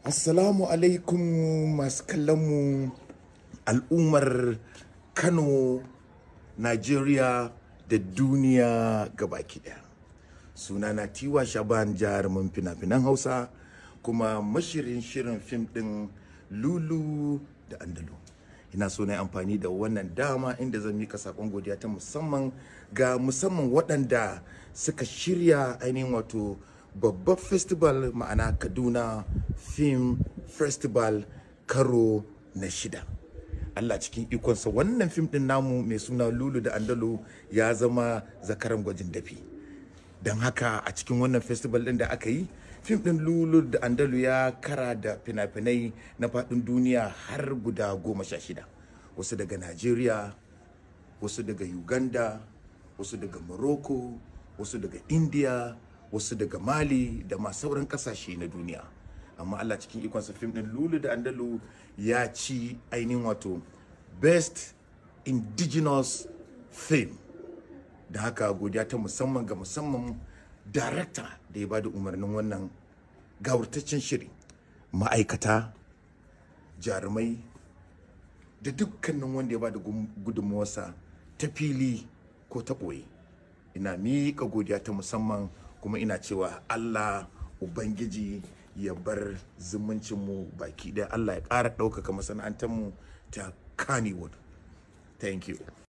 assalamu alaikum masu kallon mu. al'ummar kano nigeria da duniya ga gabaki daya na tiwa shaban jarumin fina-finan hausa kuma mashirin shirin fim din lulu da andalu ina so na amfani da wannan dama inda zan mika sakon godiya ta musamman ga musamman waɗanda suka shirya ainihin wato babban festival ma'ana kaduna film festival karo na shida Allah cikin ikonsa wannan fim din namu mai suna lulu da andalu ya zama zakaran gwajin dafi don haka a cikin wannan festival din da aka yi fim din lulu da andalu ya kara da fina-finai na faɗin duniya har guda goma sha shida wasu daga nigeria wasu daga uganda wasu daga morocco wasu daga india wasu daga mali da ma sauran kasashe na duniya amma allah cikin ikonsa fim din lulu da andalu ya ci ainihin wato best indigenous film da haka godiya ta musamman ga musamman director da ya ba da umarnin wannan gawurtaccen shiri ma'aikata jarumai da dukkanin wanda ya ba da gudunmawarsa ta fili ko ta ɓoye ina miƙa godiya ta musamman kuma ina cewa Allah ubangiji ya bar zumuncinmu baki ɗaya Allah ya ƙara ɗaukaka masana'antarmu ta Kannywood. Thank you.